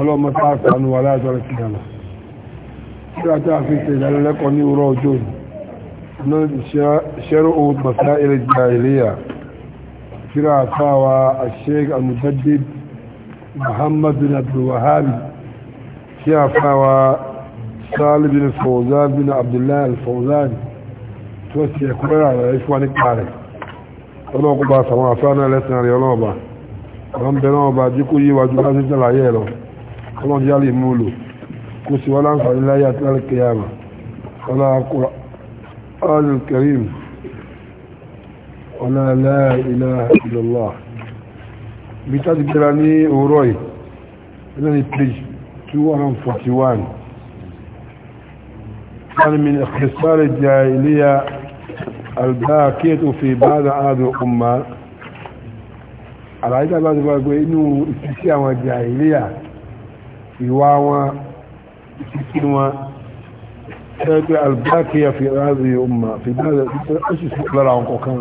ọlọ́mọ sáàsà ní wà láàjọ́ rẹ̀ sídàmà tí a tí a fi ṣe ìdánilẹ́kọ̀ọ́ ní òrọ̀ ọjọ́ iná ṣẹ́rọ ohun masá ilẹ̀ jà iléyà tí a sáwà Sheikh al-Mujaddid Muhammad bin Abdul Wahhab tí a sáwà Salih bin Fawzan bin Abdullah al-Fawzan tí wọ́n ti ẹ̀kúrẹ́ rẹ̀ fún wa nípa rẹ̀ sàwọn àfáàná lẹ́sìn rẹ̀ ọlọ́ọ̀bà àwọn bẹ̀rẹ̀ ọba jíkú yíwájú láti jẹ́ ọlọ́run jẹ́ àlè mú lò kó sì wọ́n láǹfààní láyé àti lálẹ́kẹ̀yàmà ọlá Qur'an al-Karim ọlá la ilaha illallah bí tá ti gbéra ní òwúrọ̀ yìí ẹ̀nà ni page 241 كان من اختصار الجاهلية الباكية في بعض هذه الأمة àlàyé tàbí àti gbogbo inú ìfisí àwọn jàìlíyà ìwà wọn ìsìnkí wọn ẹgbẹ́ albákiyà fi ráàzì ọmọ fi dáadà ìsìnkí lára àwọn kọ̀ọ̀kan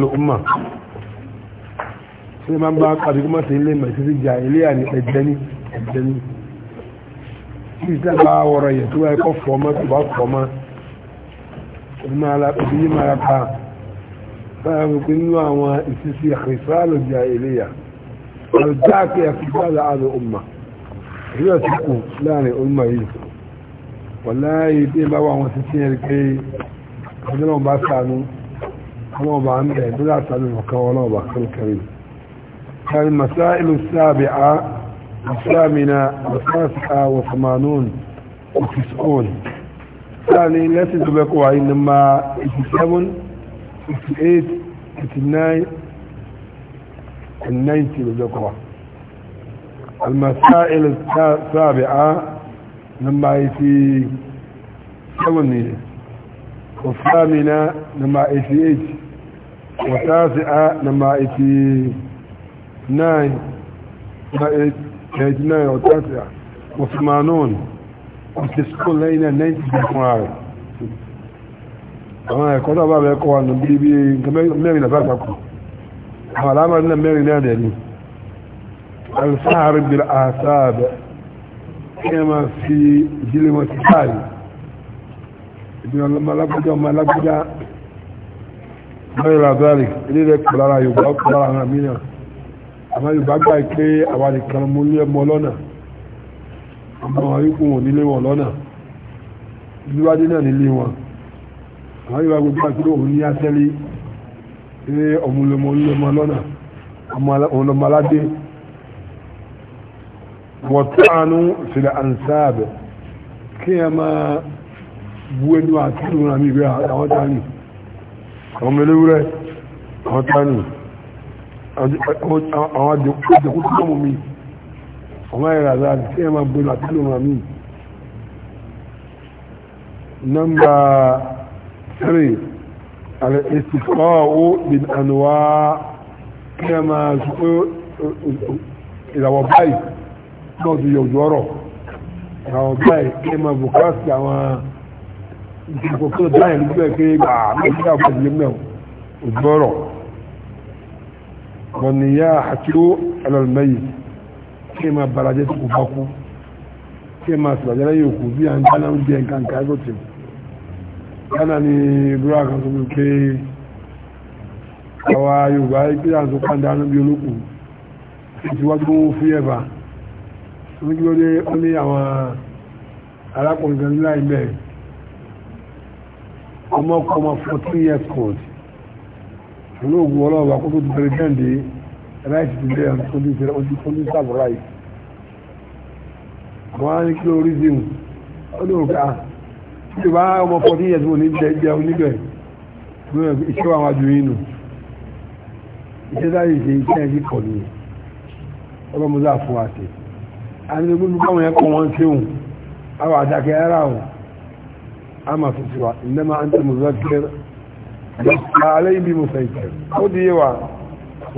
lọ ọmọ tí ma ń bá kàbí kó má sí ilé mẹ́sí sí jà ilé àní ẹ̀dẹ́ni ẹ̀dẹ́ni tí ìsìnkí bá wọ̀rọ̀ yẹ̀ tó wáyé kọ́ fọ́ọ́mọ́ tó bá fọ́ọ́mọ́ òbí máa pa báyọ̀ pé nínú àwọn ìsìnkí àkìsí àlòjà ilé yà albákiyà fi dáadà ọmọ ìrírọ̀ sí kù láàrin olùmọ̀ yìí wọ̀láyé bí bá wà wọn títí ẹ̀rí pé ọdún bá sànú ọlọ́ọ̀bá ń bẹ̀ tó látàrí ọ̀kan ọlọ́ọ̀bá kẹrìnkẹrì kẹrin masáìlú sáàbì a ìsáàmìnà masáàsíkà wà samanun office own sáàni 87 58 59 90 ló bẹ́kọ̀ wáyé المسائل السابعة لما في ثمانية والثامنة لما في ايش والتاسعة لما في ناين ناين والتاسعة وثمانون وتسكن لنا نين بالقرآن àwọn ẹ̀kọ́ tó bá bẹ́ẹ̀ kọ́ wà nù bí bí mẹ́rin lọ́fẹ́ àpapọ̀ àwọn alámọ̀ nílẹ̀ mẹ́rin náà dẹ̀ ni alfahari bil asaabe kíyàn máa fi ìdílé wọn ti káàrí ìbí ọlọ́mọlágbájá ọmọlágbájá mọ́yọ̀lá zari ilé rẹ̀ pẹ̀lú ara yorùbá pẹ̀lú ara àwọn mìíràn àmọ́ yorùbá gbà pé àwọn nìkan mú lé ọmọ lọ́nà ọmọ ayúkú wọn nílé wọn lọ́nà ìdíwájú náà nílé wọn àwọn yorùbá gbogbo àti òun ní asẹ́lé ilé ọmọlọmọ lọ́nà ọmọ aládé wọ̀tánú sílẹ̀ ansáàbẹ̀ kí ẹ máa bú ẹnu àti ìrùn àmì ìgbé àwọn tánì àwọn ẹlẹ́wúrẹ́ àwọn tánì àwọn àjẹkú tó mú mi àwọn ẹ̀rẹ̀ àzá kí ẹ máa bú ẹnu àti ìrùn àmì nọ́mbà 3 alẹ́ ìsìnkọ́ ó bin ànúwá kí ẹ máa sọ ìràwọ̀ báyìí náà ti yọ òjò ọ̀rọ̀ àwọn báyìí kí ẹ máa bùkátì àwọn ìdìbò kan báyìí nígbà pé gbà nígbà fàdílé mẹ́ òjò ọ̀rọ̀ wọn ni yá àkíó ẹlọ́lùmẹ́yì kí ẹ máa tó kù bá kí ẹ máa sọ̀rọ̀ lẹ́yìn bí à ń dáná ń jẹ nǹkan kan tó ti yánà ni búra kan tó pé àwa Yorùbá ìpínlẹ̀ àti pàdánù bí olókùn ti orí orí orí àwọn arákùnrin gan láì mẹ́rin ọmọkọmọ 14 years old olóògùn ọlọ́ọ̀bà kó tó ti bẹ̀rẹ̀ jẹ́ǹde ráìtì ti lé ẹ̀rọ tó ní ìṣẹ̀lẹ̀ ojú tó ní sáàbù ráìtì wọ́n á ní kí lórí zim ó ní òkà ah, tí ìbá ọmọ 14 years old ní jẹun níbẹ̀ iṣẹ́ wa wájú yìí nù iṣẹ́ láyé ṣe iṣẹ́ ẹ̀kí kọ̀ nìyẹn ọlọ́mọdé àfọwàṣe àwọn egungun báwọn yẹn kọ́ wọn kéwù àwọn àdákẹ́ ara wọn a máa fi tiwa ìnáma à ń tẹ̀ mọ̀lá kẹ́rẹ́ lọ́sà aláyé bí mo sọ ìkẹ́ ó di yé wa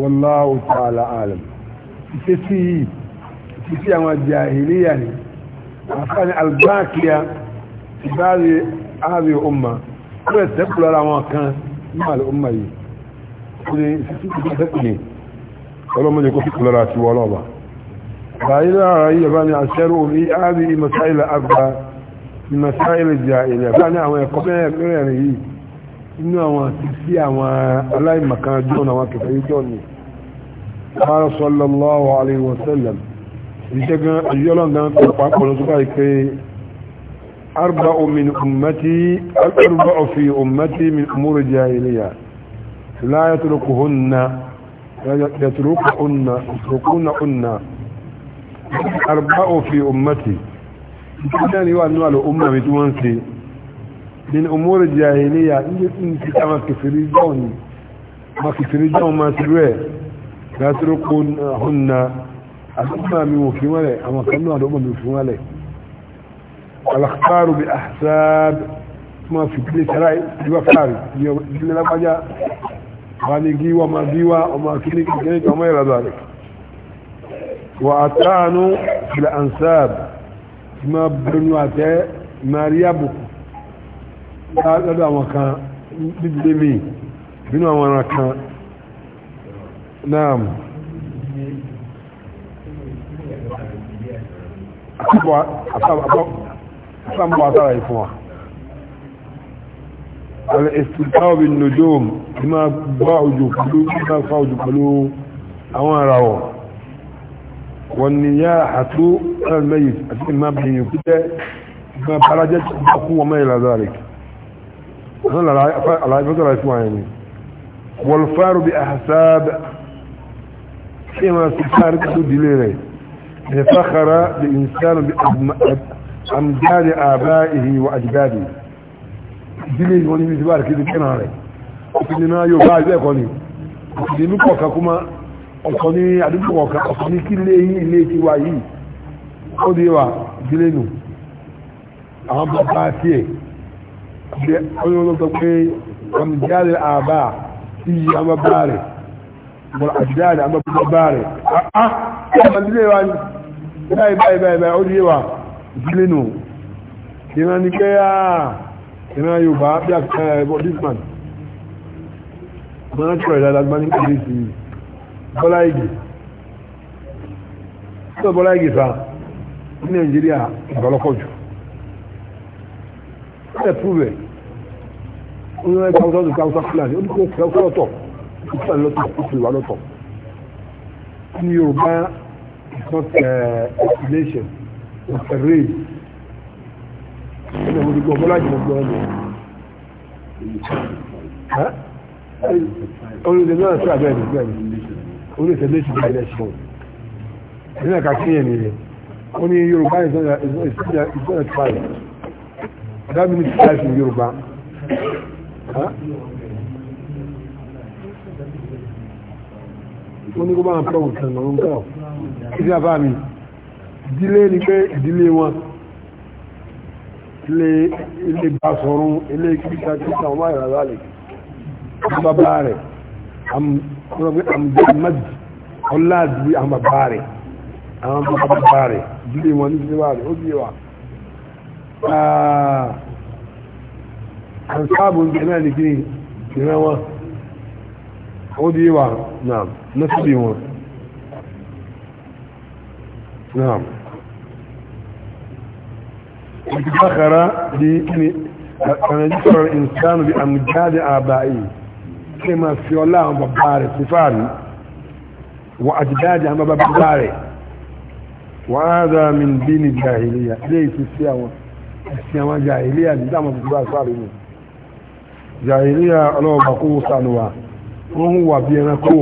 wallahu ta'ala alam ìṣe sí yìí ìṣe sí àwọn jahiliya ni àfáàní albáàkìá ìbáàrí ààrẹ ọmọ ọlọ́mọdé kó fi kù lára àti بايلا هي بني عشر في هذه مسائل أربعة من مسائل الجاهلية بني هو يقبل يعني إنه هو تسيا ولا مكان جون واقف يجوني قال صلى الله عليه وسلم يجعل يلون دان تقول سبحانك أربع من أمتي أربع في أمتي من أمور الجاهلية لا يتركهن يتركهن يتركهن, يتركهن arba'u fi ummati idan yi wa nuna al'umma mai tuwon sai min umuri jahiliya inda in ti ta makifiri john makifiri john masu ruwe ya turu kun hunna al'umma mai mafi wale a makannu al'umma mai mafi wale al'akaru bi ahsab kuma fitile tara yiwa fari yiwa lagbaja wani giwa ma giwa o ma kini kini kama yi razalik واتانو في الأنساب ما بنواته ماريابو هذا ما كان بدلي بنو ما كان نعم أصابوا أصابوا أصابوا أصابوا يفوا الاستلقاء بالنجوم ما ما أوان والنياحة على الميت ما بين كده ما برجت أقوى ما إلى ذلك هلا على فترة اسمعيني والفار بأحساب كما سفار كدود ليلي فخر الإنسان بأمداد آبائه وأجداده دليل وني بزبار كده كنا عليه وكنا يوبا زي كوني وكنا نقوى كما ọ̀sọ̀ ní àdúgbò ọ̀kan ọ̀sọ̀ ní kí lé yìí ilé ti wà yìí ó di wà ìdílé nù àwọn bàbá tiẹ̀ ṣe ọyọ́ ló sọ pé ọmọ ìjáde àbá sí yí àwọn bàbá rẹ̀ wọ́n àjáde àwọn bàbá rẹ̀ á ọmọ ìdílé wa ní báyìí báyìí báyìí ó di wà ìdílé nù ìran ni pé á ìran Yorùbá bí àkàkà ẹ̀ bọ́ dísman mo rántí ọ̀rẹ́ dáadáa gbá ní sí yìí bọ́lá igi tó bọ́lá igi fa ní nàìjíríà ìbálòpọ̀ jù ẹ̀ púrẹ̀ ó ní wọ́n káwọ́sá tó káwọ́sá fúlàní ó ní kó fẹ́ fúlọ̀ tọ̀ fúlàní lọ́tọ̀ fúlàní wà lọ́tọ̀ ní yorùbá it's not explanation it's a race ẹ̀rọ bọ́lá igi gbọ́ ẹ̀ lọ. náà sí abẹ́rẹ́ bẹ́ẹ̀ ni ó lè tẹ̀lé ìṣèjọba election nínú ẹ̀ka sí yẹn nìyẹn ó ní yorùbá ìṣẹ́jà tribe ọ̀dá mi ní ti tribe ní yorùbá ó ní kó bá wọn pẹ́ òun kan lọ́rùn kọ́ ìdí àbá mi ìdílé ni pé ìdílé wọn ilé ilé bá sọ̀rọ̀ ilé kíkà kíkà wọn máa yàrá lálẹ́ bàbá rẹ̀ wọ́n gbé amjad ọládùúgbé àwọn bàbá rẹ̀ àwọn bàbá rẹ̀ ìdílé wọn ní ìdílé rẹ̀ ó díẹ̀ wà àǹsáàbù ní ẹ̀mẹ́ ní kíni ìran wọn ó díẹ̀ wà náà nọ́sílì wọn náà ìgbàkàrà di kíni àtàrà ìsọ̀rọ̀ ìsánù bí àmì jáde àbáyé kí ma fi ọlá àwọn bàbá rẹ̀ sí fàárí wọ àjídájì àwọn bàbá rẹ̀ wọ́n á zá mi bí ní jahiliya ilé ìsú sí àwọn ẹ̀sìn àwọn jahiliya ní dáwọn bàbá fàárí ni jahiliya ọlọ́ọ̀bà kó sanuwa wọ́n ń wà bí ẹranko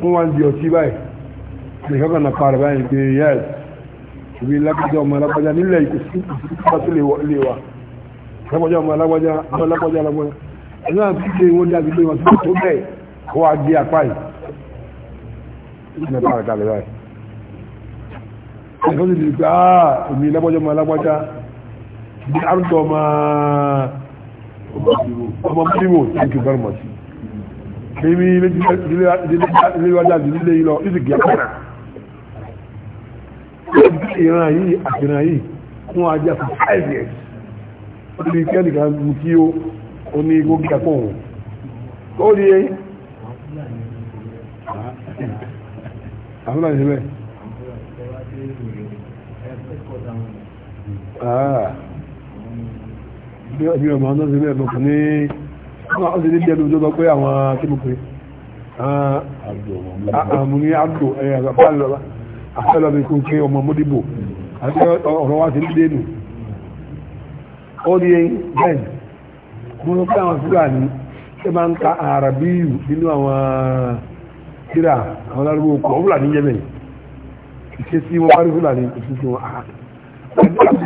wọ́n wá ń di ọtí báyìí nìkan ọmọ alágbájá ọmọ alágbájá ọmọ ẹ̀lá pípé wọ́n dábí pé wọ́n tó bẹ́ẹ̀ kó wá gbé apá yìí nípa rẹ̀ kalẹ̀ báyìí ẹ̀kọ́ sì ti pé àà ah, èmi lágbọ́jọ́ máa lágbájá bí arúgbó máa ọmọ mímò thank you very much èmi iléwájá sí nílé yìí lọ ní ìsìnkì àpárá ìran yìí àti ìran yìí fún ajá for five years ó ti kẹ́nìkan mú kí ó ó ní gbogbo ẹ̀kọ́ òun ó rí eyín àfúnà ìṣẹ́lẹ̀ ah. bí ọmọ ọdún sí ilẹ̀ mọ̀kù ní wọ́n sì ní bí ẹnu ìjọba pé àwọn akẹ́mọ̀kù ah. ah, àmú ní àdó ẹ̀yà àpáàlọ́lá àfẹ́lọ́bí kò kí ọmọ mọ́díbò àti ọ̀rọ̀ wá sí ilé nù ó ní bẹ́ẹ̀ mo sọ pé àwọn fúlàní ṣe máa ń ka àràbíyù nínú àwọn tíra àwọn lárúbọ kọ fúlàní jẹ bẹ́ẹ̀ ìṣe sí wọn parí fúlàní kò sí sí wọn a àti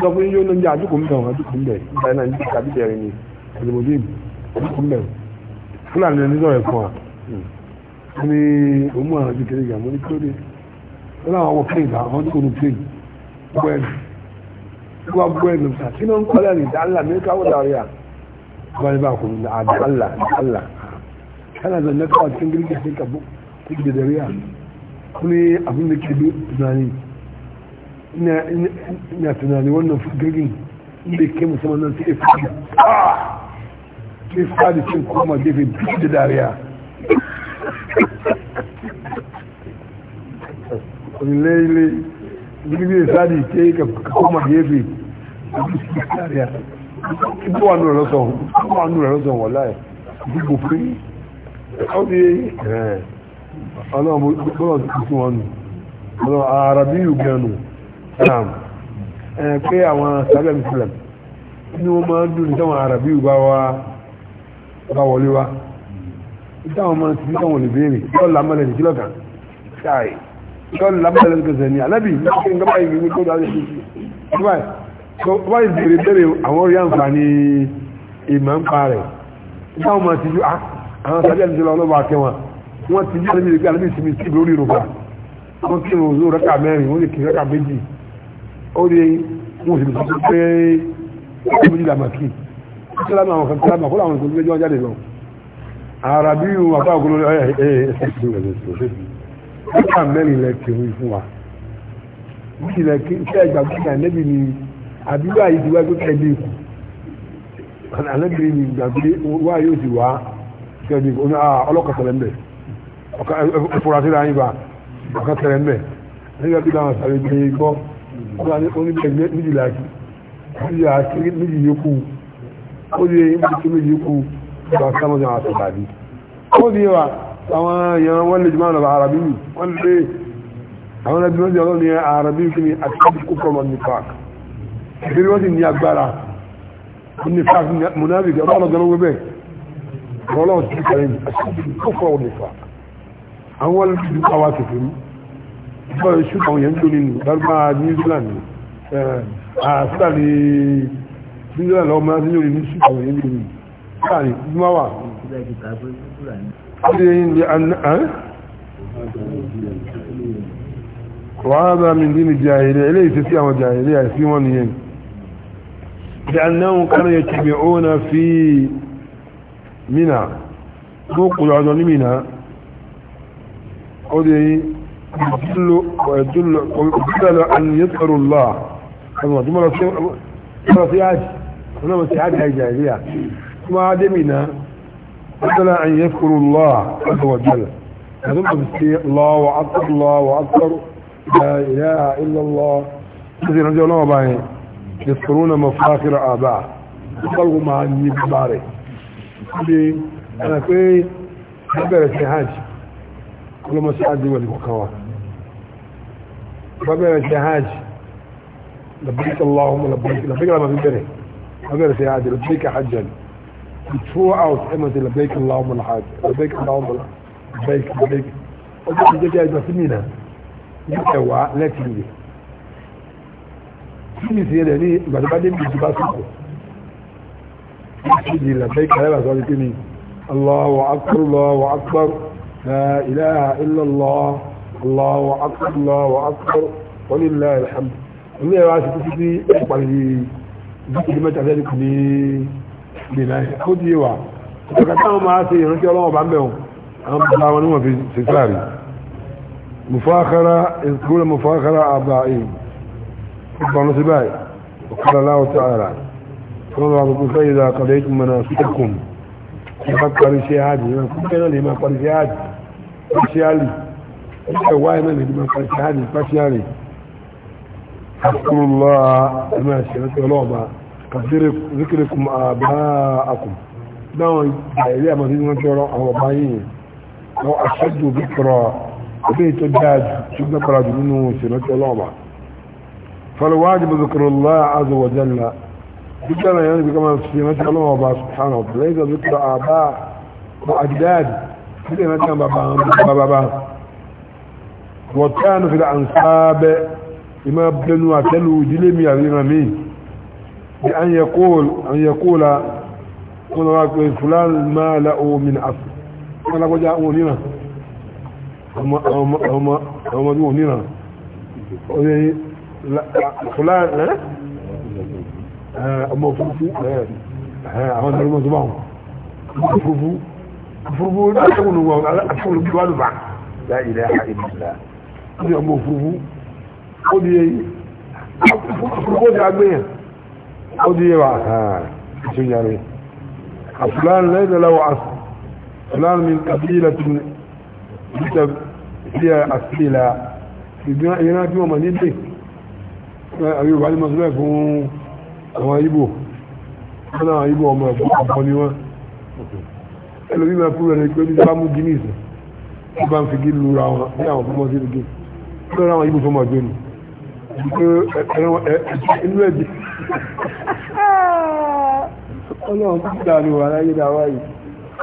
sọ fún yóò ló ń jẹ àdúgbò mbẹ wọn àdúgbò mbẹ nígbà náà nígbà tàbí bẹ̀rẹ̀ ni àdìmọdé mi àdúgbò mbẹ fúlàní ẹni sọ̀rọ̀ ẹfọ à ní òun àwọn àti kéré gà mo ní kílódé wọn làwọn wọ plane là àwọn dúkòó ní plane gbọ ẹnu wọn gbọ ẹnu ń kọlẹ ní dáńlá mi káwọ à wani ba ku da Allah da Allah kana da naka a cikin girgin sai ka kuke da dariya kuma abin da ke bi tunani ina tunani wannan girgin inda ke musamman nan sai ah! fadi sai fadi cin koma gefe duk da dariya lalle girgin sadi ke ka koma gefe duk da dariya ibi wà nù rẹ̀ sọ̀hún ibi wà nù rẹ̀ sọ̀hún wọ̀lá ẹ̀ gbogbo pé ó di ọlọ́run bọ́lọ̀ ti fún wọn nù ọlọ́run ara bí yóò gẹ̀ nù pé àwọn sábẹ́ mùsùlùm ní wọ́n máa ń dùn nítawọn ara bí yóò bá wá bá wọlé wá nítawọn máa ń sin nítawọn lè béèrè yóò tó bá ìbèrè bẹ̀rẹ̀ àwọn orí àǹfààní ìmọ̀ ń pa rẹ̀ táwọn máa ti ju àwọn sábẹ́ àti ìjọba ọlọ́ba àtẹwọn wọ́n ti jẹ́ àlejò ìgbà àlejò ìsinmi sí lórí ìrùbà wọ́n kí ìrùn òzó rẹ́kà mẹ́rin wọ́n lè kí rẹ́kà méjì ó lè wọ́n sì lè sọ pé ó méjì làmà kí sálámà àwọn kan sálámà kó làwọn ìgbésí ọjọ́ jáde lọ ara bí wọn àbá ògùn lórí ẹ ẹ ẹsẹ ìlú rẹ lọsọ rẹ́kà mẹ́rin lẹ kí orí fún wa wọ́n sì lẹ kí iṣẹ́ ìgbà gbígbà nẹ́bí ni àdúgbò àyè ti wá pé kẹ́lẹ́ ikú alábìrin ni gbàgbé wá yóò ti wá kẹ́lẹ́ ikú ah, ọlọ́kọ̀ tẹ̀lé ń bẹ̀ ọkùnrin àti ìbá ọkọ̀ tẹ̀lé ń bẹ̀ nígbà tí káwọn sàrè gbé gbọ́ oníbẹ̀ méjìlá méjì yókù ó di méjì méjì yókù ìgbà sáwọn ọjọ́ àtọ̀gbàdì ó di wa àwọn èèyàn wọ́n lè jùmọ́ ọ̀nà àràbí wọ́n lè àwọn ẹgbẹ́ ọjọ́ ní àràbí kí ni àti kọ́kọ́ lọ ní park ìbírí wọ́n sì ní agbára ní fàáfí monavik ọlọ́ọ̀lọ́gbọ́n wẹ́bẹ̀ ọlọ́ọ̀ tí kẹrin tó fọ́ ọ̀dẹ̀ fà àwọn olùdíjú àwa kẹfẹ́ mú bọ́ iṣu àwọn yẹn ń tó nínú lárúbá New Zealand àṣà ní New Zealand ọmọ adéyọ ní iṣu àwọn yẹn ń tó nínú sáà ní kúmọ́ wà. وهذا من دين الجاهلية إليه تسيئة وجاهلية يسيئون ينه لأنهم كانوا يتبعون في منى سوق عدن منى أدري إيه؟ يدل ويدل ويدل أن يذكروا الله كما تمر في عاج هنا مسيحات الجاهلية ثم عاد منى بدل أن يذكروا الله عز وجل يذكر بسيء الله وأكبر الله وأكبر لا إله إلا الله الذي رجع الله بعين يذكرون مفاخر آباء يقلوا مع النباري يقولي أنا كوي بابرة شهاج كل ما سعاد دول مكوا بابرة شهاج لبيك اللهم لبيك لبيك لما في بره بابرة شهاج لبيك حجا بتفوع أو تحمد لبيك اللهم الحاج لبيك اللهم لبيك لبيك لبيك لبيك لبيك لبيك لبيك لبيك لبيك لبيك kíni sí ẹ̀rẹ̀ ní ìgbàdúgbàdé bí ìjọba sùkò ìṣèjì ìlànà ìkàlẹ́bà sọ wípé ni Allahu akbar Allahu akbar la ilaha illallah Allahu akbar Allahu akbar wa lillahi alhamd ilé ẹ̀rọ aṣọ títí sí ìpàdé ìdíkìlì mẹ́ta fẹ́ kù ní ìlànà ó di wà ìjọba táwọn máa ṣe ìrántí ọlọ́wọ́ ni wọ́n mufakara ìkúrò سبحانه سبحانه وقال الله تعالى قال ربكم فإذا قضيتم مناسككم فقر شيء عادي ما كنا لما قر شيء عادي فشيالي الشواي من لما قر شيء عادي فشيالي فاذكروا الله ما شئت لعبة قد ذكركم آباءكم دعوا إليه ما تريدون أن تروا أو باين أو أشد ذكرى وبيت الداج شو ذكرى جنونه شئت لعبة فالواجب ذكر الله عز وجل ذكر يعني كما في مثل الله سبحانه وتعالى ليس ذكر آباء وأجداد كل ما كان بابا بابا وكان في الأنصاب إما ابن وتلو جلم يا إمامين بأن يقول أن يقول قل فلان ما له من أصل ولا وجاء هنا هم هم هم هم fulan ọmọ òfurufú àwọn ọmọ ọmọ ọmọ òfurufú òfurufú atẹ́wọ̀n wọn atẹ́wọ̀n bí wọ́n bá ya ilẹ̀ ha ìbílá ní ọmọ òfurufú ó di èyí òfurufú ti agbẹ́yàn ó di èyí wà ṣe yàrá afulan lẹ́yìn lọ́wọ́ asu fulan min kabila tun bita fiye asila ìgbìyànjú ọmọ nílé àwọn yorùbá ní mọ́sílẹ̀ fún àwọn ibò wọ́n àwọn ibò ọmọ ẹ̀kọ́ ọ̀pọ̀ ni wọ́n ẹlòmí máa kúrò rẹ̀ pé nígbà mú guinness tó bá ń fi gí lura wọn ní àwọn fọmọ sí gí lọ́rọ̀ àwọn ibò fọmọ ọjọ́ ni inú ẹ̀jẹ̀ ọlọ́run tó gbà ní wàhálà yìí dáwà yìí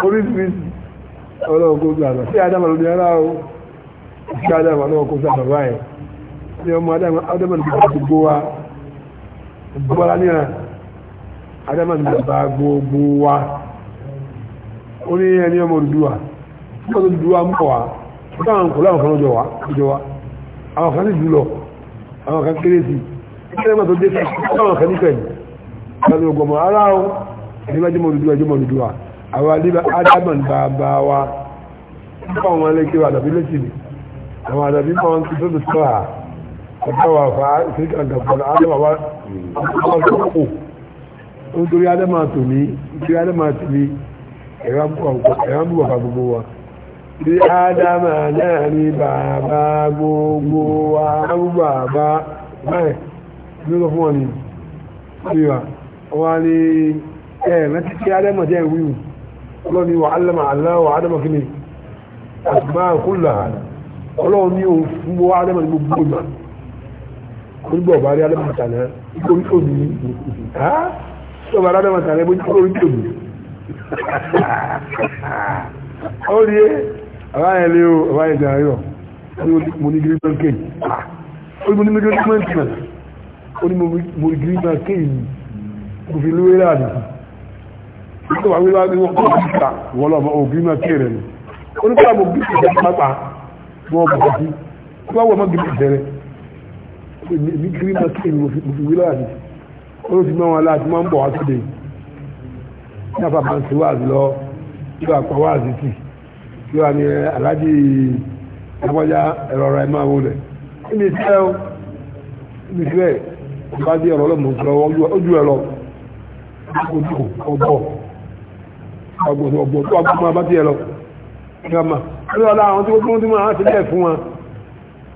oríṣiríṣi ọlọ́run tó gbà lọ sí adama lónìí ara o sí adama lọ́wọ́ kó sábà báyìí ní ọmọ adama ní gbogbo wa gbọ́lá ní adama ní gbogbo wa ó ní ẹni ọmọ dúdúwà ọmọ dúdúwà ń bọ̀ wá táwọn kò láwọn kan jọ wá àwọn kan ní jùlọ àwọn kan kéré sí ẹgbẹ́ mọ́ tó dé táwọn kan ní pẹ̀lú ọmọ ọgbọ̀mọ̀ ara ọ ẹgbẹ́ jẹ́mọ̀ dúdúwà jẹ́mọ̀ dúdúwà àwọn adama bawa, bàbá wa ọmọ ẹlẹ́gbẹ́ àdàbí lẹ́sìn àwọn àdàbí máa ń kí tó ọ̀pẹ́wà fa ìfẹ́kà ìdàpọ̀lá adẹ́màwà ọ̀pọ̀ nítorí adẹ́mà tò ní nítorí adẹ́mà tò ní ẹ̀rán bú bàbá gbogbo wa bí adẹ́mà náà ní bàbá gbogbo wa bú bàbá báyẹ̀ ló sọ fún wọn ni ṣíwà wà ní ẹ̀rán títí adẹ́mà jẹ́ ìwíwù ọlọ́ni wà alẹ́mà aláwọ̀ adẹ́mà kí onígbà ọba rí alámọ̀tà náà orí tòun ní ha tí ọba rí alámọ̀tà náà bó ní orí tòun ó rí ẹ àbáyẹ lé o àbáyẹ dàn ayọ mo ní gírí máa kéyì ó ní mo ní gírí máa kéyì náà ó ní mo ní gírí máa kéyì kò fi lówé rà nìyí ó ní wàá wíwá ní wọn kó kí ká wọn lọ ọ gírí máa kéyì rẹ ni ó ní kó àwọn gírí máa pa wọn bọ̀ sí wọn wọ ọmọ gírí máa tẹ̀lé ní green market mo fi wí láàrin ó ti mọ́ wọn láti máa ń bọ̀ wá síde ní àpapà ń ṣe wáàzì lọ tí wàá pa wáàzì tì tí wàá ní aláàjì lágbájá ẹ̀rọ ọ̀rọ̀ ẹ̀ máa wọlé kí ni ìfẹ́ o ní ìfẹ́ ìbá dé ọ̀rọ̀ lọ́mọ ìfẹ́ ojú ẹ̀ lọ ojú ọgbọ́ ọgbọ́ tó ọgbọ́ tó ọgbọ́ máa bá tiẹ̀ lọ ní ọmọ ẹ̀rọ ọ̀la àwọn tí wọ́n ti máa ń ṣe bẹ́ẹ̀ fún wọn.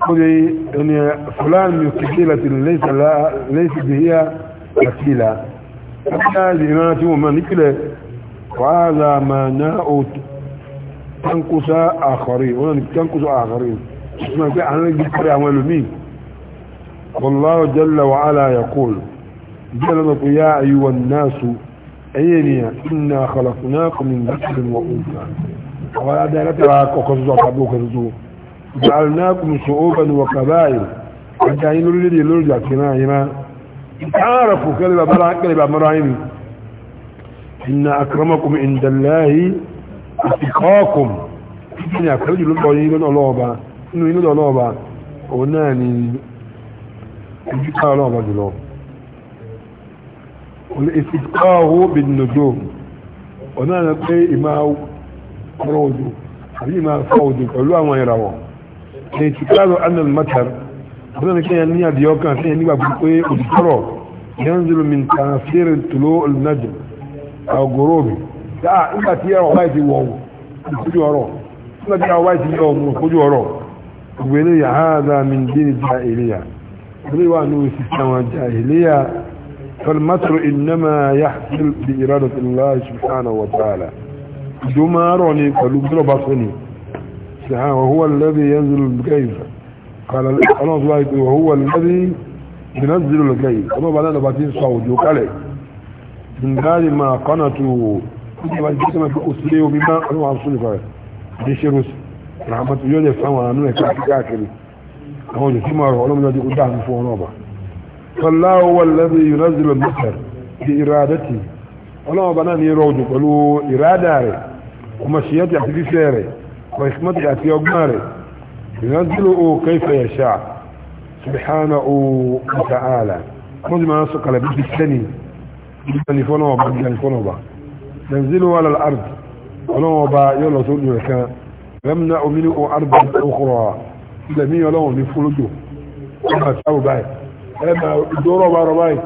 قولي ان فلان من كفيلة ليس لا ليس بهي كفيلة هذه ما توما نكلة وهذا ما ناء تنقص آخرين ولا تنقص آخرين اسمع في أنا جبر أعمال مين والله جل وعلا يقول جل يا أيها الناس أيني إنا خلقناكم من ذكر وأنثى وهذا لا ترى كوكزو أبوك زو جعلناكم شعوبا وقبائل حتى ينرد يلرد اعتناهما تعارفوا كلمة برا كلمة مراهن إن أكرمكم عند الله أتقاكم إن أكرمكم عند الله ينرد الله إنه ينرد الله وناني يجيك الله بجلو والاستقاه بالنجوم ونانا كي إما أروجو أبي ما فوجو قلوا ما يراوه اعتقاد أن المطر بدنا كان نيا ديوكا في نيا بقوي وترى ينزل من تأثير طلوع النجم أو غروبه لا إما تيا وايد وو كوجو أرو إما تيا وايد وو كوجو أرو ويلي هذا من دين الجاهلية بلي وانو سيستم الجاهلية فالمطر إنما يحصل بإرادة الله سبحانه وتعالى دوما روني قالوا بلا بصني الاستعانة وهو الذي ينزل الكيف قال الله سبحانه وهو الذي ينزل الكيف وما بعدنا باتين صوت يقال من غير ما قنطوا كما جسم في أسليه بما أنه عن صنفة بشروس رحمة يوني فهمها أنه كاكري أهو جسم العلوم الذي قدام فوق نوبة فالله هو الذي ينزل المطر بإرادته ọlọ́wọ́ bá náà ní ẹrọ òjò pẹ̀lú ìrádà rẹ̀ وحكمتك أتي أقماري ينزله كيف يشاء سبحانه وتعالى مجمع نسق على بيت السني تليفونه تليفونه ننزله على الأرض ولو با يلا سؤال لك يمنع منه أرض أخرى لمن يلوه لفلده أما تأو باي أما دوره بارو باي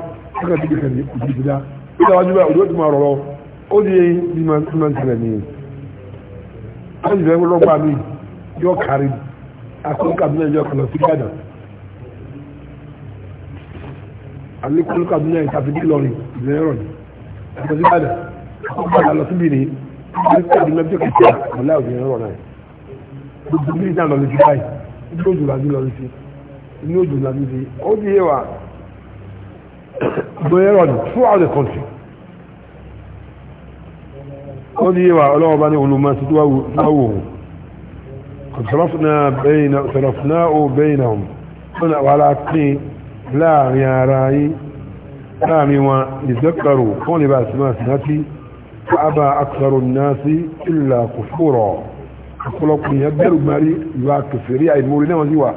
أما تبكني أجيب لا إذا واجب أدوات ما رلو أدي بمن سلمين wọ́n ti fẹ́ lọ́gbà mi yọ kárí akọ́lùkà mi náà yọ kọ̀lọ̀ sí gbàdà alékọ́lùkà mi náà ìtàfi bí lọ́rin ìlẹ̀ ẹ̀rọ ni àkọ́ sí gbàdà akọ́gbàdà lọ síbi rèé alékọ́lùkà mi náà bí kẹ̀kẹ́ àmọ́lá òbí ẹ̀rọ náà gbogbo mi náà lọ lójú báyìí ní òjò làbí lọ sí ní òjò làbí sí ó di yé wa bọ́ ẹ̀rọ ni throughout قولي وعلوه باني قولوا ما قد صرفنا بين صرفنا بينهم ولا اتني لا يا راي لا ميوا يذكروا قولي بس ما سنتي فأبى أكثر الناس إلا كفورا خلق يدر ماري يواكفر يعي مورينا وزيوا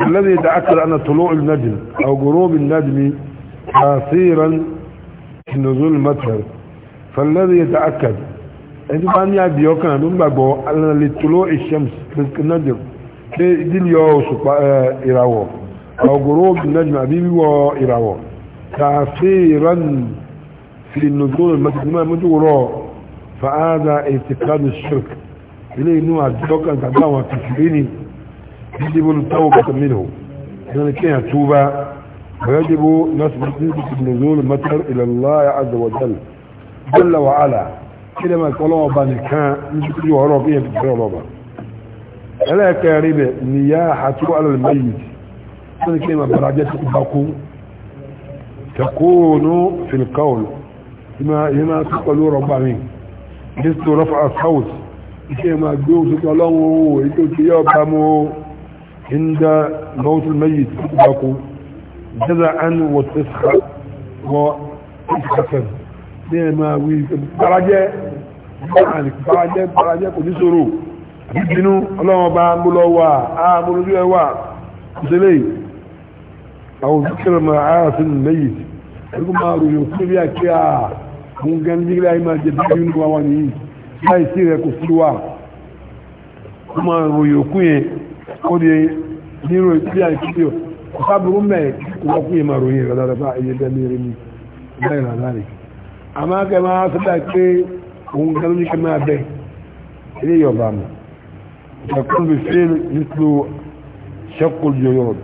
الذي يتأكد أن طلوع النجم أو غروب النجم كثيرا في نزول المتهر فالذي يتأكد إذا كان يبيو كان دون بابو أن لطلوع الشمس رزق النجم كي دين يو سبا إراو آه، أو غروب النجم أبيب و إراو تأثيرا في النزول المسجد ما مدورا فهذا اعتقاد الشرك إليه نوع الدوكا تدعوا في شبيني يجب التوبة منه إذا كان توبة ويجب نسبة النزول المتر إلى الله عز وجل jalla wa ala kílẹ̀ máa kọ́ lọ́wọ́ bá nìkan nítorí ọ̀rọ̀ bí yẹn bẹ̀rẹ̀ ọlọ́ba ẹlẹ́ẹ̀kẹ́rin bẹ̀ níyà àti alàlùmẹ́yì wọ́n ni kílẹ̀ máa bára jẹ́ tuntun bá kú tẹ̀kóònù fìlìkọ́ọ̀lù yìí máa tó pẹ̀lú ọ̀rọ̀ bá mi kristo rọ́fà south iṣẹ́ máa gbé oṣù tó wọ́n ti ní ẹ̀mà wí ìfẹ̀bàrájẹ́ ìfẹ̀bàrájẹ́ ìfẹ̀bàrájẹ́ kò ní sọ̀rọ̀ ìbínú ọlọ́wọ́ba múlọ́wà àmúlójú ẹwà ìṣẹ́lẹ̀ àwọn òṣìṣẹ́ ma ara sí lẹ́yìn ẹgbẹ́ máa rò yóò fún bí i kí a mú gan ní ilé máa jẹ bí inú wa wà nìyí láì sí rẹ kò sí wa ó máa rò yẹn ó di nírò ìpínlẹ̀ àìkíkẹ́ kò mẹ́ kò wọ́kún yẹn máa rò yẹn bẹ́ẹ̀ ní ní bẹ́ẹ̀ rà láàrin àmá kẹ máa sọ́dá pé òun kan ní kẹ máa bẹ ilé yọba mọ̀ ṣẹkùn bí fíl nítorí ṣẹkùn yọyọ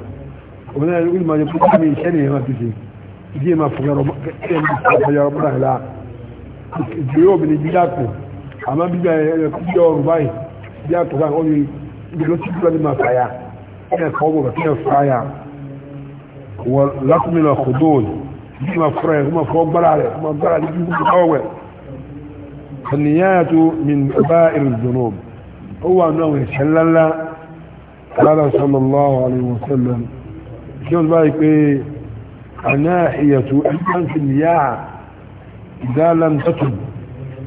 òun náà ní máa ní kó kí mi iṣẹ́ nìyẹn máa ti ṣe ìdí máa fún yọrọ kẹ́kẹ́ ní ìfọ̀yà ọ̀bọ̀n àìlá ìdíyẹ òbí ni bídà kù àmá bíbá bí ma fura yẹ kó ma fọ gbára rẹ kó ma gbára rẹ kó ma fọ wẹ kàníyàtò min bá irìdùnú ó wà náà wẹ̀ sẹ́lẹ́lá lára sallallahu alaihi wa sallam kí wọ́n bá yìí pé anáhìyàtò ẹgbẹ́ fi níyà ìdálá tọ́tù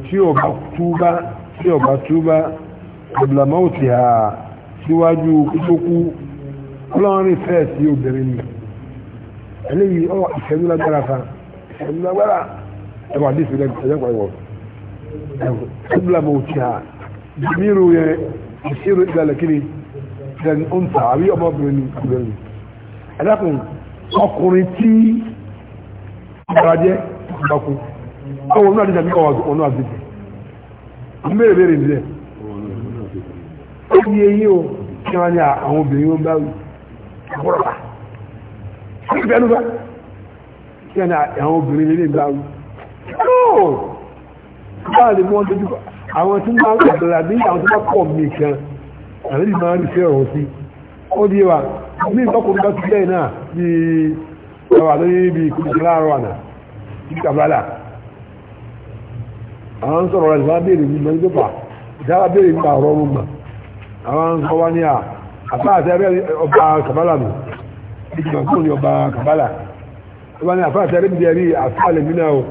tí ó bá túbá tí ó bá túbá qabla mawtiha síwájú kútókú ọlọ́run rí fẹ́ẹ̀ sí obìnrin nìyà eléyìí ọ ìṣẹ́jú lágbára fa ìṣẹ́jú lágbára ẹwà àdìsí ẹ̀jẹ̀kọ̀ ẹ̀wọ̀ ẹ̀bùlà mọ̀ òtí ha jìmírù yẹ ìṣirò kiri ìṣẹ́jú ó àbí ọmọbìnrin ní ìgbẹ̀rún ẹ̀dàkùn ọkùnrin tí ọwọ́ náà dìjà ọ̀nà àdìsí ń ìbẹ̀rù bá kí ẹni àwọn obìnrin nílé ìgbà rú yóò báà lè mú wọn dojú àwọn tí máa ń gbàgbà ní àwọn tí máa kọ̀ mí kan àwọn ìlú máa ń fẹ́ ọ̀rọ̀ sí ó di wa ní ìtọ́kùnrin bá ti bẹ́ẹ̀ náà bí ọ̀rọ̀ àlóyé bí ìkùnjẹ láàárọ̀ àná ní kàbálà àwọn sọ̀rọ̀ rẹ̀ ìfọwọ́ béèrè nígbà ní pépà ìdára béèrè nígbà ọ̀rọ̀ ọ̀rùn mà àwọn sọ wá ní à àtàtà ọba kàbálà nù ìjọ tó ní ọba kàbálà ọba ní àfáà tẹ́rẹ́ bìí ẹ̀rí àfáàlẹ̀ nínú ọ̀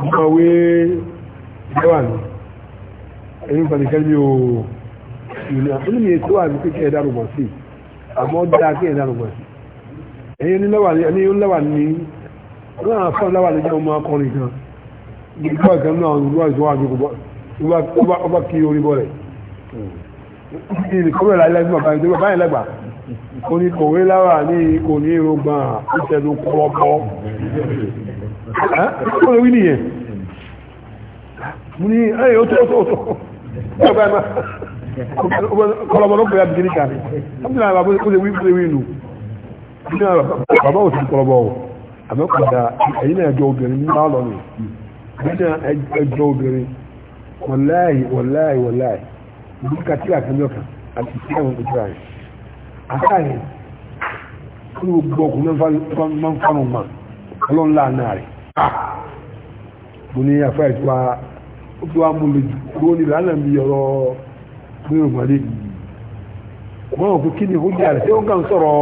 ọmọ wé ìjọwà ní ẹ̀yìn ìfàlẹ̀kẹ́ ní o ìrìnà onímì ètò àmì pé kẹ́ẹ̀dá rògbọ̀ sí àmọ́ dáa kẹ́ẹ̀dá rògbọ̀ sí ẹ̀yìn onílọ́wà ní ẹni onílọ́wà ní ọlọ́run àfáà lọ́wà lójú ọmọ akọrin kan ìgbọ́ ìkan náà olúwa ìjọwà ní ọba kí orí bọ́ rẹ̀ ìdí ìkọ́wé láyé lágbà oní kòwé lára ní kò ní irúgbà ìṣẹ̀lú pọ̀pọ̀ ẹ́kọ́ lórí nìyẹn mú ní ẹ̀yẹ ó tó tó tó kọlọ̀bọ̀ lọ́pọ̀ ya bìí níta ní àwọn àbúrò ó lè wí pé wínú ní àwọn bàbá òsì kọlọ̀bọ̀ àmẹ́kọ̀dá ẹ̀yìn ẹjọ́ obìnrin ní máa lọ́nà ẹjọ́ obìnrin wọ̀láì wọ̀láì wọ̀láì àtàyè kí ló gbọ́ ọkùnrin máa ń fanu ma ọlọ́run láàánú rẹ̀ ah! mo ní afá ìtura ó fi wá mú mi jù kúrò ní ìlànà mi ọ̀rọ̀ mi ò mọ̀lẹ́ wọ́n ò fi kí ni ìhójà rẹ̀ tí ó ń kàn sọ̀rọ̀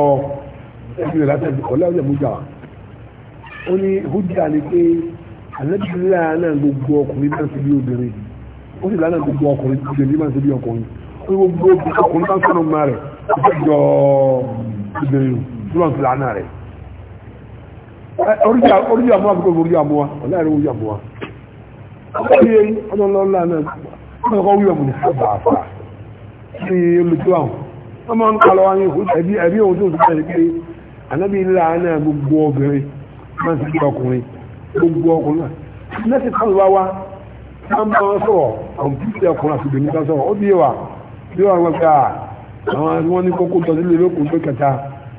ẹbí rẹ̀ látàbí ọ̀lá ọ̀jà mú jà wá ó ní ìhójà ni pé àlẹ́bí láàánú gbogbo ọkùnrin náà sí bí obìnrin ó sì láàánú gbogbo ọkùnrin obìnrin náà sí bí ọkùnrin ó ní gbogbo ọkùnrin náà sọ̀rọ̀ mọ́ rẹ̀ ọjọ́ ìbẹ̀rù túnbọ̀ tí lánàá rẹ̀ orí àmúwá fíkọ́ orí àmúwá ọ̀láàrí orí àmúwá ọ̀láàrí ọlọ́lọ́lá náà ọkọ̀ orí àmúwá ní àbà àfà sí olùtọ́ àwọn wọ́n máa ń kalọ́ wáyé ẹ̀bí ohun tó sọ́kọ̀ ní pé ànábì lánàá gbogbo obìnrin máa ti gbọ́ ọkùnrin gbogbo ọkùnrin náà ti kọ́ wá wá àwọn wọn ní kókó tọ́ sílé lókun pé kẹta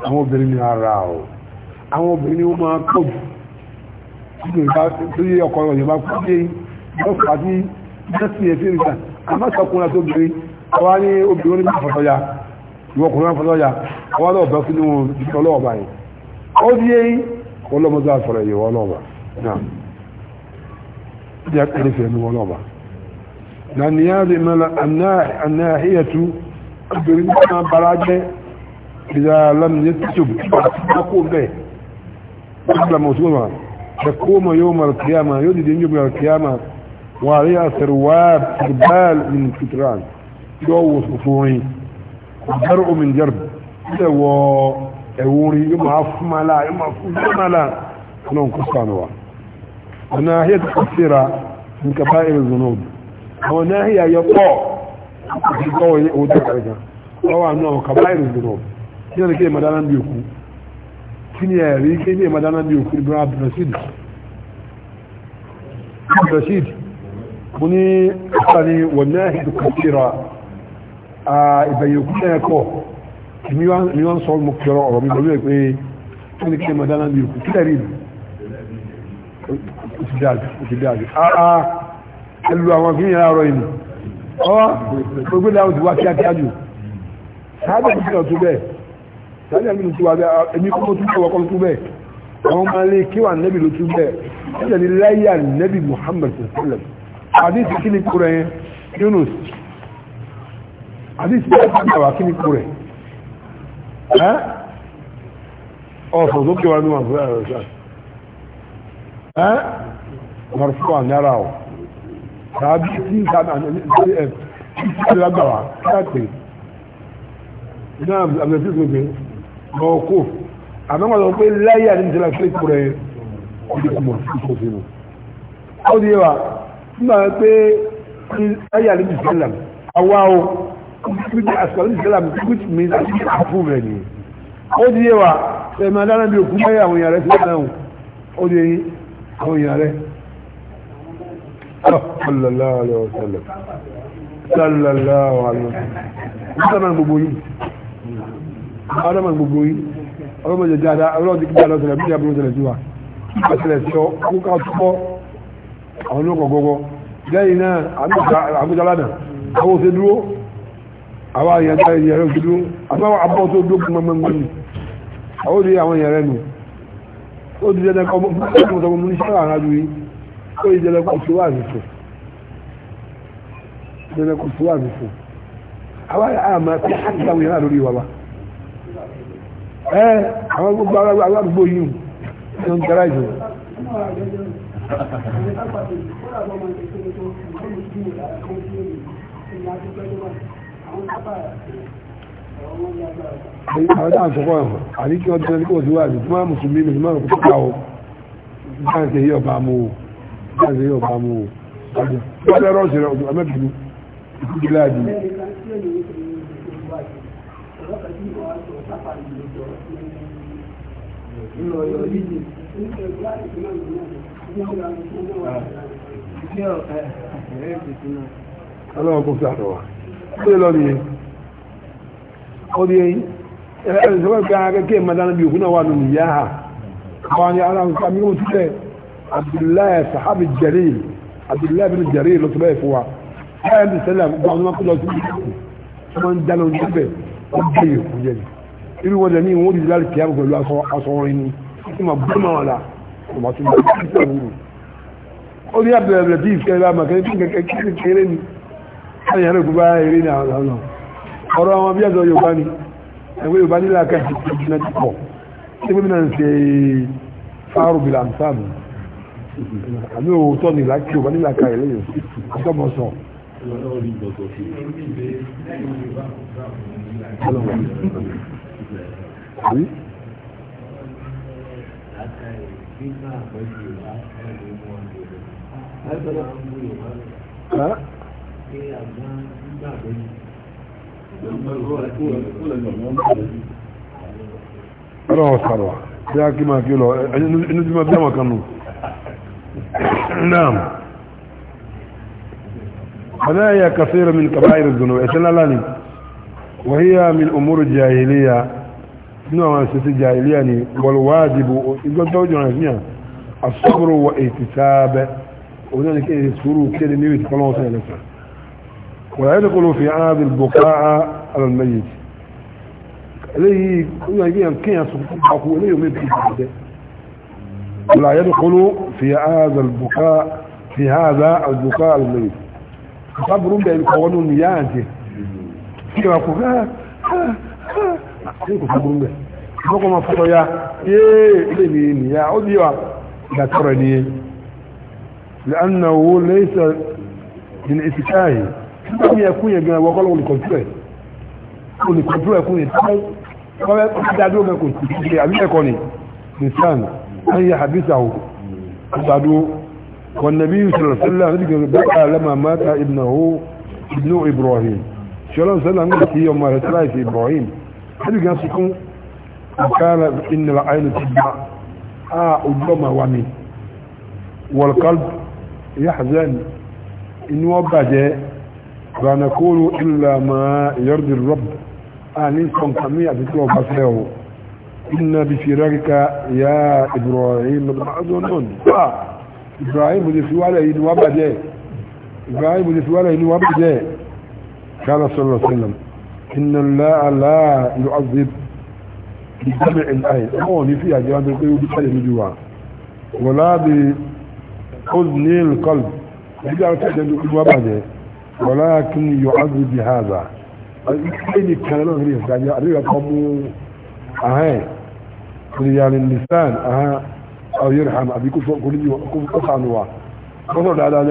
àwọn obìnrin ní ara ọ̀ àwọn obìnrin ní wọ́n máa pọ̀ jù tí ọkọ̀ ọ̀yọ̀ bá kú dé lọ́pàá sí mẹ́sì ẹ̀sìn ìrìnsà àmọ́ sọkùnrin àti obìnrin ọwá ní obìnrin níbi ìfọ̀tọ̀yà ìwọkùnrin àfọ̀tọ̀yà ọwá náà bẹ́ sínú ìtọ́lọ́ọ̀bà yìí ó dí èyí ọlọ́mọdé àfọ̀rọ̀ yìí ọlọ́ọ̀bà náà jẹ́ kẹrìfẹ̀ ní ọlọ́ọ̀bà obìnrin náà bara jẹ́ ìdá lẹ́nu títù kó bẹ́ẹ̀ ọ̀gbà mọ̀túnmà ẹ̀kọ́mọ̀ yóò mọ̀ kíyàmà yóò dìde ní ọgbà kíyàmà wà rí àṣẹrùwà tìbáàl ní kìtìrán yóò wò fòfòrin ọ̀gbẹ̀rù omi jẹ́rù ilẹ̀ wọ ẹ̀wọ̀rin yóò máa fún máa láà yóò máa fún máa láà ọlọ́run kó sànù wa ọ̀nà ahíyà tó kọ̀ síra nǹkan bá ẹ̀rọ zọ̀nà àwọn náà yà pọ̀ àti kọ́wọ́ yẹ owó dákàrẹ̀ kan lọ́wọ́ àánú àwọn kàbá ìrìn ìdùnnà kí ni kí ni madana bí òkú kí ni ẹ̀rí kí ni madana bí òkú ibrahim abdulrasheed abdulrasheed mo ní ìpàdé wọ̀n náà hìdù kàkíra ìbẹ̀yẹ̀ òkú náà kọ̀ mi wá ń sọ mo kẹrọ ọ̀rọ̀ mi lórí ẹ̀ pé kí ni kí ni madana bí òkú kí lẹ́rí ìlú òtìdáàdì òtìdáàdì àà ẹlú àwọn akínyẹ̀rọ ìlú ọwọ́ gbogbo ìlànà ti wá kíákíá jù sáájú àti ìṣẹ̀lẹ̀ tó bẹ́ẹ̀ sáájú àti ìṣẹ̀lẹ̀ tó wà bẹ́ẹ̀ èmi kọ́ tó bẹ́ẹ̀ wọ́kọ́ tó bẹ́ẹ̀ àwọn ọmọ alẹ́ kíwà nẹ́bì ló tún bẹ́ẹ̀ ẹ̀jẹ̀ ni láyà nẹ́bì Muhammad sallam àdìsí kí ni kúrẹ̀ yẹn Yunus kí ni kúrẹ̀ kí ni kúrẹ̀ ẹ́ ní wọn fún ẹ̀rọ ṣáà ẹ́ mọ̀rọ̀fọ́ àmì ọ̀ tàbí tí ìsàmì àjẹ́ ìsìlágbàwà láti náà àbẹ̀sí ìsòkè mọ̀ọ́kò àmọ́wọ́n lọ pé láyé àdíjẹ́lá kílẹ̀kù rẹ̀ ọdíkùnmọ̀ ìkòsínú ó di wa nígbà pé láyé àdíjẹ́lá àwa o kìkìkì àsìkòlíjẹ́lá kìkìkì mi láti àfún rẹ̀ ni ó di wa ẹ̀mọ̀ adára bí òkú mẹ́yà àwọn èèyàn rẹ̀ sí صلى الله عليه وسلم صلى الله عليه وسلم من بوبوي هذا من بوبوي ọlọ́mọ jẹ dáadáa ọlọ́mọ ti kí dáadáa ṣẹlẹ̀ bí abúlé ṣẹlẹ̀ sí wa ṣẹlẹ̀ sí ọ kó ká tọ́ àwọn ní ọkọ̀ gọ́gọ́ lẹ́yìn náà àgbéjà lánàá àwọn òṣè dúró àwọn èèyàn tá èèyàn rẹ̀ òṣè dúró àbáwọ̀ abọ́ tó dúró kún mọ́mọ́ ní àwọn òṣè àwọn ó yí jẹ́lẹ̀ kò síwá àzìfò ya kò síwá àzìfò àwọn àmà tí a ti àwọn ìyára lórí ẹ́ àwọn gbogbo yìí ní ọ̀n gara ìjọ àwọn dáhùn sọ́kọ́ ẹ̀họ̀ àríkí ọdún ẹni kò síwá àzìfò máa mùsùlùmí máa láti yóò bá mú o wọ́n ẹ̀rọ ṣẹlẹ̀ ọ̀dọ̀ amẹ́bìnú ìdílé láàdì ọlọ́wọ́ kò sí àtọ̀wà ó lè lọ nìyẹn ó di ẹyin ẹ̀rọ ìṣọ́gbọ́n kan akẹ́kẹ́ mọ́tánà bí òkú náà wà nínú ìyá ha wọ́n ni aláwọ̀ sàmì ti tẹ̀ abdullahi sahabi jarir abdullahi bin jarir ló sọ̀rọ̀ ìfowó ayé ní sẹ́lẹ̀ gbogbo àwọn ọmọkùnrin lọ sí ìlú tí wọ́n ń dáná ní ibẹ̀ wọ́n gbé yìí kú jẹ́ni irú wọn ní wọ́n dìde láti kíyàwó pẹ̀lú aṣọ orin ni tí wọ́n gbé máa wàlà kò má tún bá yìí sí ìwúrò ó ní abẹ́rẹ́ bẹ̀rẹ̀ tí ìfẹ́ bá máa kẹ́kẹ́ kẹ́kẹ́ kéré ni wọ́n yàrá ìkú bá eré ní àwọn ọ̀nà ọ̀rọ̀ àwọn bí ẹ̀sọ́ Yorùbá ni ẹgbẹ́ Yorùbá nílẹ̀ akẹ́kẹ́ ti pọ̀ ṣe fáwọn òbí là ń sáàmù àmì òótọ́ ni ìlà kí o bá nílà ka ẹ̀ lẹ́yìn Ọlọ́run sàrọ̀ bí a kí máa kí lọ, ẹni tí máa bí àwọn kan nù. نعم خلايا كثيرة من كبائر الذنوب اتلالاني وهي من أمور الجاهلية نوع من سياسة الجاهلية والواجب الصبر واحتساب وذلك يسروا كده نبي تقلوا سيلسا ولا يدخلوا في عاد البقاء على الميت ليه يمكن أن يسروا ليه يمكن أن يسروا ولا يدخل في هذا البكاء في هذا البكاء الميت صبر بين قوانين يانتي كما كوكا صبر به kọ́kọ́ ma fọ́tọ̀ ya yéé ilé ni nìyà ó bí wa ìdàtọ̀rọ̀ ni yé lẹ́nà owó lẹ́sẹ̀ ìlú ìsìkáyì nígbà mi ẹkún yẹn gan wọ́kọ́ lọ́wọ́ olùkọ̀túrẹ̀ olùkọ̀túrẹ̀ ẹkún yẹn tí wọ́n bẹ́ẹ̀ dájú ọmọ ẹkùn tìtìtì àbí ẹ̀kọ́ ni nìsàn an yi habisa hu sadu والنبي صلى الله عليه وسلم بقى لما مات ابنه ابن ابراهيم صلى الله عليه وسلم قال في يوم مات ابراهيم هل كان سكون قال ان العين تدمع اه قدام وامي والقلب يحزن ان وبجاء ونقول الا ما يرضي الرب ان آه كم كمية بتلو بسيره إن بفراقك يا إبراهيم لمحزنون إبراهيم ذي ولا إنو أبدا إبراهيم ذي ولا إنو أبدا قال صلى الله عليه وسلم إن الله لا يعذب بجمع الآية أموني فيها جوان بالقيوب بحاجة مجوعة ولا بحزن القلب يجعل تحت إنو أبدا ولكن يعذب بهذا الإنسان كان له يعني ريح قمو أهين kòrìyàn nìsàn àhán ọ̀yẹ́ ìhàn àbí kó sànùwà kọ́sọ̀ dáadáa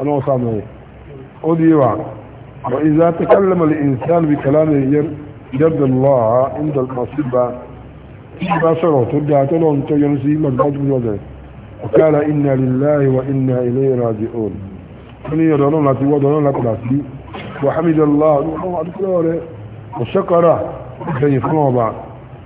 ọlọ́wọ́ sànùwà ó di wà wà ìzá takallama al-insan bí kalama yadda Allah inda al-masiba tí bá sọ̀rọ̀ tó dáa tó lọ́n tó yẹn sí mọ̀lẹ́gbẹ̀rẹ̀ وقال إنا لله وإنا إليه راجعون فني يدعون لك ودعون لك وحمد الله وشكره كيف نوبه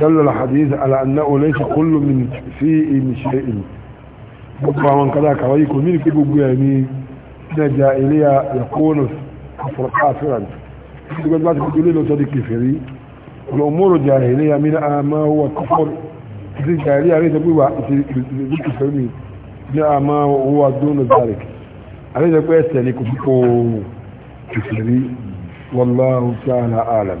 دل الحديث على أنه ليس كل من فيه من شيء بقى من كذا كويك من في يعني إن جائلية يكون كفر كافرا يقول ما تقول له صديق كفري الأمور الجاهلية من ما هو كفر الجاهلية ليس بقى كفرني من ما هو دون ذلك أريد أن يستهلك بكم كفري والله تعالى أعلم